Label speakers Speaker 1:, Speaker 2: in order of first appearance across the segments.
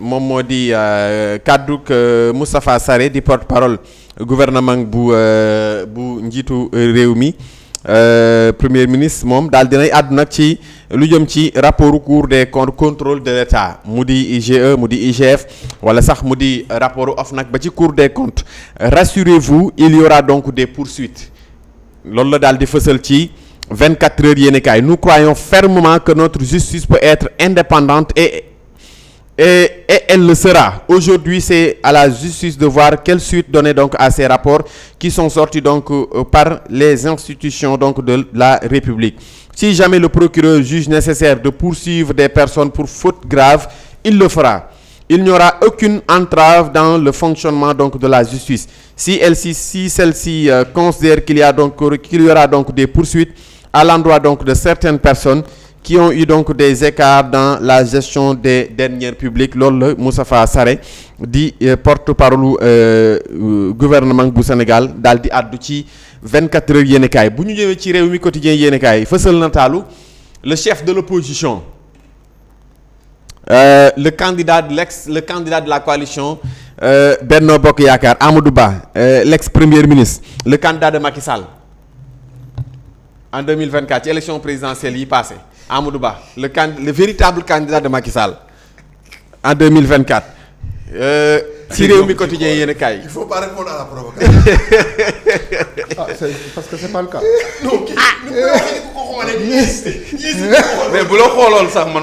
Speaker 1: moom moo di euh, kàdduk Moustapha Sarré di porte-parole gouvernement bu euh, bu njitu rewmi euh, premier ministre mom dal dinay àddu nag ci lu jom ci rapport cour des comptes contrôle de l'État moudi IGE moudi IGF wala sax moudi di rapport nak ba ci cour des comptes rassurez-vous il y aura donc des poursuites loolu la daal di ci 24 heures yéenekaay nous croyons fermement que notre justice peut être indépendante et et, elle le sera. Aujourd'hui, c'est à la justice de voir quelle suite donner donc à ces rapports qui sont sortis donc euh, par les institutions donc de la République. Si jamais le procureur juge nécessaire de poursuivre des personnes pour faute grave, il le fera. Il n'y aura aucune entrave dans le fonctionnement donc de la justice. Si, si celle-ci euh, considère qu'il y, a donc, qu'il y aura donc des poursuites à l'endroit donc de certaines personnes, qui ont eu donc des écarts dans la gestion des dernières publiques Lorsque Moussafa Moustapha dit euh, porte-parole euh, euh, gouvernement du Sénégal Daldi di 24 heures yéen kaay bu ñu ci quotidien le chef de l'opposition le candidat de l'ex le candidat de la coalition euh, Benno Amoudouba, l'ex-premier ministre le candidat de Macky Sall en 2024 l'élection présidentielle y passé Amoudouba, le véritable candidat de Macky Sall en 2024. ci réew quotidien faut pas répondre à la provocation. parce que c'est pas le cas.
Speaker 2: mais bu sax man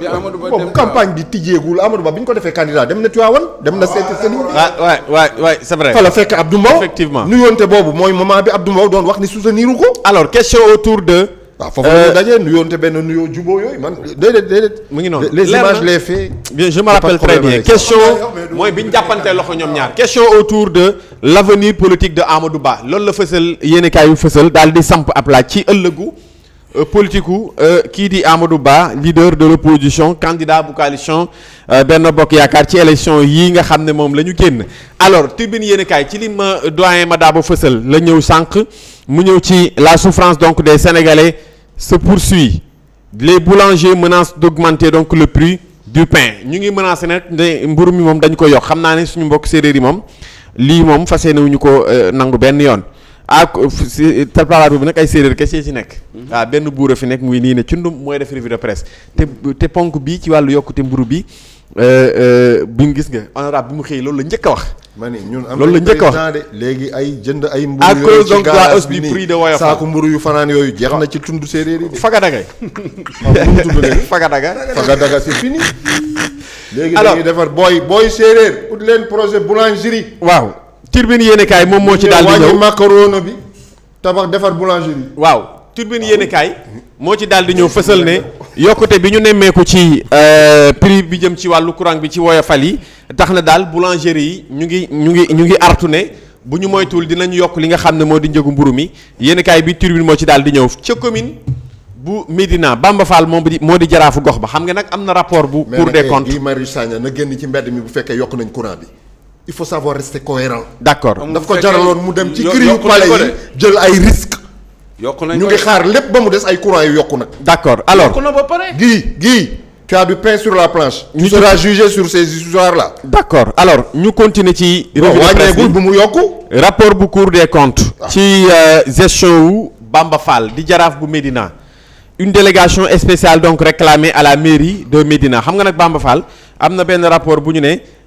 Speaker 2: mais Amadou Ba dem campagne bi tijjeegul Amadou Ba biñ ko defé candidat dem na Tivaouane dem na seeti ah, sëriñ bi. Ah, ah ouais
Speaker 1: waay waay c'est vrai. fa fek fekk Abdou Mbow effectivement
Speaker 2: nuyoonte bobu moy moment bi Abdou Mbow doon wax ni soutenir ko. alors question autour de. waaw ah, foofu la ñu euh, dajee nuyoonte benn nuyoo jubóo yooyu man déedéet déedéet. mu ngi
Speaker 1: noonu les images les faits. bien je me rappelle très bien question moy biñ ñu loxo ñom ñaar question autour de l'avenir politique de Amadou Ba lolou la fessel yene kay yu fessel dal di samp ap la ci ëllëgu euh, politique euh, qui qui dit Amadou Ba leader de l'opposition candidat au coalition euh, Benno Bokk Yaakaar ci élection yi nga xamné ne lañu kenn. ñu alors tribune ci lim ma doyen Madaba fësal la ñëw sank mu ñëw ci la souffrance donc des Sénégalais se poursuit les boulangers menacent d'augmenter donc le prix du pain ñu ngi menacer nak ne mburu mi mom dañ ko yokk Xamna né suñu mbokk séeréer yi moom lii moom fas ko nangu ben ah si préparatoire bi nag ay séeréer kese ci nekk. Mhm. waaw benn buur a fi nekk muy nii ne cundum mooy def revue de te ponk bi ci wàllu yokkute mburu bi euh, euh, bi gis nga honorable bi mu xëy loolu la njëkk a wax.
Speaker 2: ma ni ñun am loolu la njëkk a wax léegi ay jënd ay. mburu yooyu à cause donc la hausse du prix de woyof saako mburu yu fanaan yooyu jeex na ah. ci tund séeréer yi. Fagadaga Fagadaga Fagadaga c'est fini. alors léegi dañuy defar booy booy séeréer ut leen projet boulangerie waaw.
Speaker 1: turbine yéenekaay moom moo ci dal di ñëw wàññi macaroni bi tabax defar boulangerie. waaw turbine yéenekaay moo ci daal di ñëw fësal ne yokkute bi ñu nemmeeku ci euh, prix bi jëm ci wàllu courant bi ci woyofal yi tax na daal boulangerie yi ñu ngi ñu ngi ñu ngi artu ne bu ñu moytuwul dinañu yokk li nga xam ne moo di njëgu mburu mi yéenekaay bi turbine moo ci daal di ñëw ca commune. bu Médina Bamba Fall moom di moo di jaraafu gox ba xam nga nag am
Speaker 2: na rapport bu. Cour des eh, comptes mais nag na génn ci mbedd mi bu fekkee yokk nañ courant bi. il faut savoir rester cohérent. d'accord daf ko jaraloon mu dem ci gris yu palais yi jël ay risques. yokku nañ ñu ngi xaar lépp ba mu des ay courant yu yokku nag. d'accord alors yokku na Guy Guy tu as du pain sur la planche. tu seras jugé sur ces histoires là.
Speaker 1: d'accord alors ñu continuer ci. revue de yokku. rapport bu Cour des comptes. Ah. ci euh, gestion wu Bamba Fall di jaraaf bu une délégation spéciale donc réclamée à la mairie de Medina. xam nga Bamba Fall y a un rapport bu ñu ne.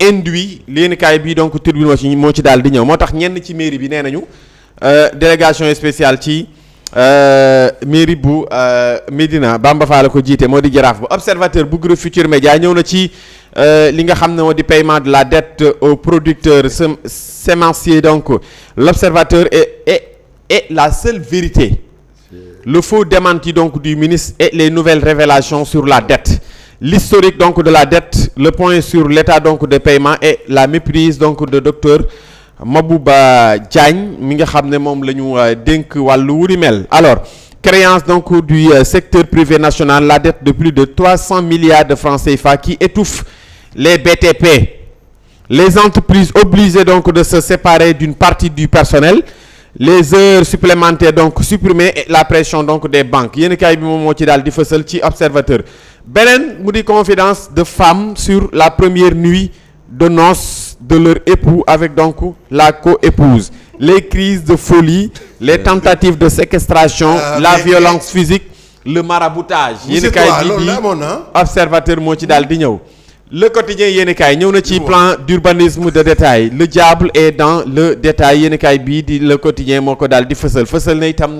Speaker 1: induit les bi donc tribune wa ci dal ci daal di ñëw moo tax ñenn ci mairie bi euh, délégation spéciale ci euh, mairie bu euh, Medina, Bamba Fall ko jité modi bu observateur bu groupe Futur Média ñëw na ci li nga xamné paiement de la dette aux producteurs semenciers donc l'observateur est est est la seule vérité le faux démenti donc du ministre et les nouvelles révélations sur la dette l'historique donc de la dette, le point sur l'état donc des paiements et la méprise donc de docteur Mabouba Diagne mi nga euh, alors créance donc du euh, secteur privé national la dette de plus de 300 milliards de francs CFA qui étouffe les BTP les entreprises obligées donc de se séparer d'une partie du personnel les heures supplémentaires donc supprimées et la pression donc des banques Il y bi observateur nous moudi dit confidence de femmes sur la première nuit de noces de leur époux avec donc la co-épouse. les crises de folie les tentatives de séquestration euh, la violence physique le maraboutage observateur le quotidien Yenekaï, nous sommes na plan d'urbanisme de détail le diable est dans le détail Yenekaï, bi le quotidien mokodal ko di fësal le na itam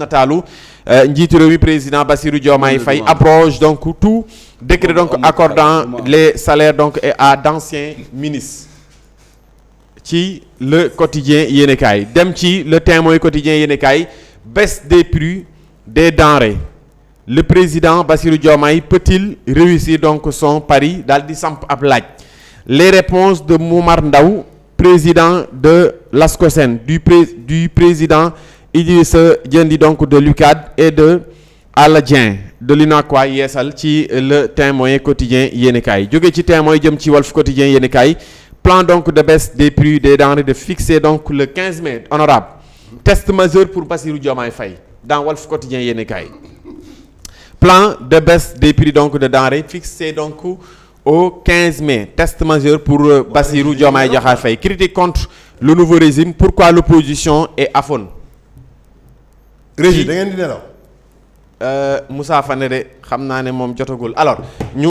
Speaker 1: euh, président Bassirou Diomaye Faye approche donc tout décret donc accordant les salaires donc à d'anciens ministres le quotidien Yenekaï. Demchi, le témoin quotidien Yenekaï baisse des prix des denrées le président Bassirou Diomaye peut-il réussir donc son pari dans le samp ab les réponses de Moumar Ndaou, président de l'ASCOSEN du du président Idrissa Djendi donc de l'UCAD et de Aladien, de l'Inakwa Yeesal ci le Témoin quotidien Yenekaï. Le ci Témoin quotidien yennekai. plan donc de baisse des prix des denrées de fixer donc le 15 mai honorable test majeur pour Bassirou Diomaye Faye dans Wolf quotidien yennekai plan de baisse des prix donc de denrées fixé donc au 15 mai. Test majeur pour euh, Bassirou Diomaye Diakhar Critique contre le nouveau régime. Pourquoi l'opposition est fond Régime, euh, Moussa de alors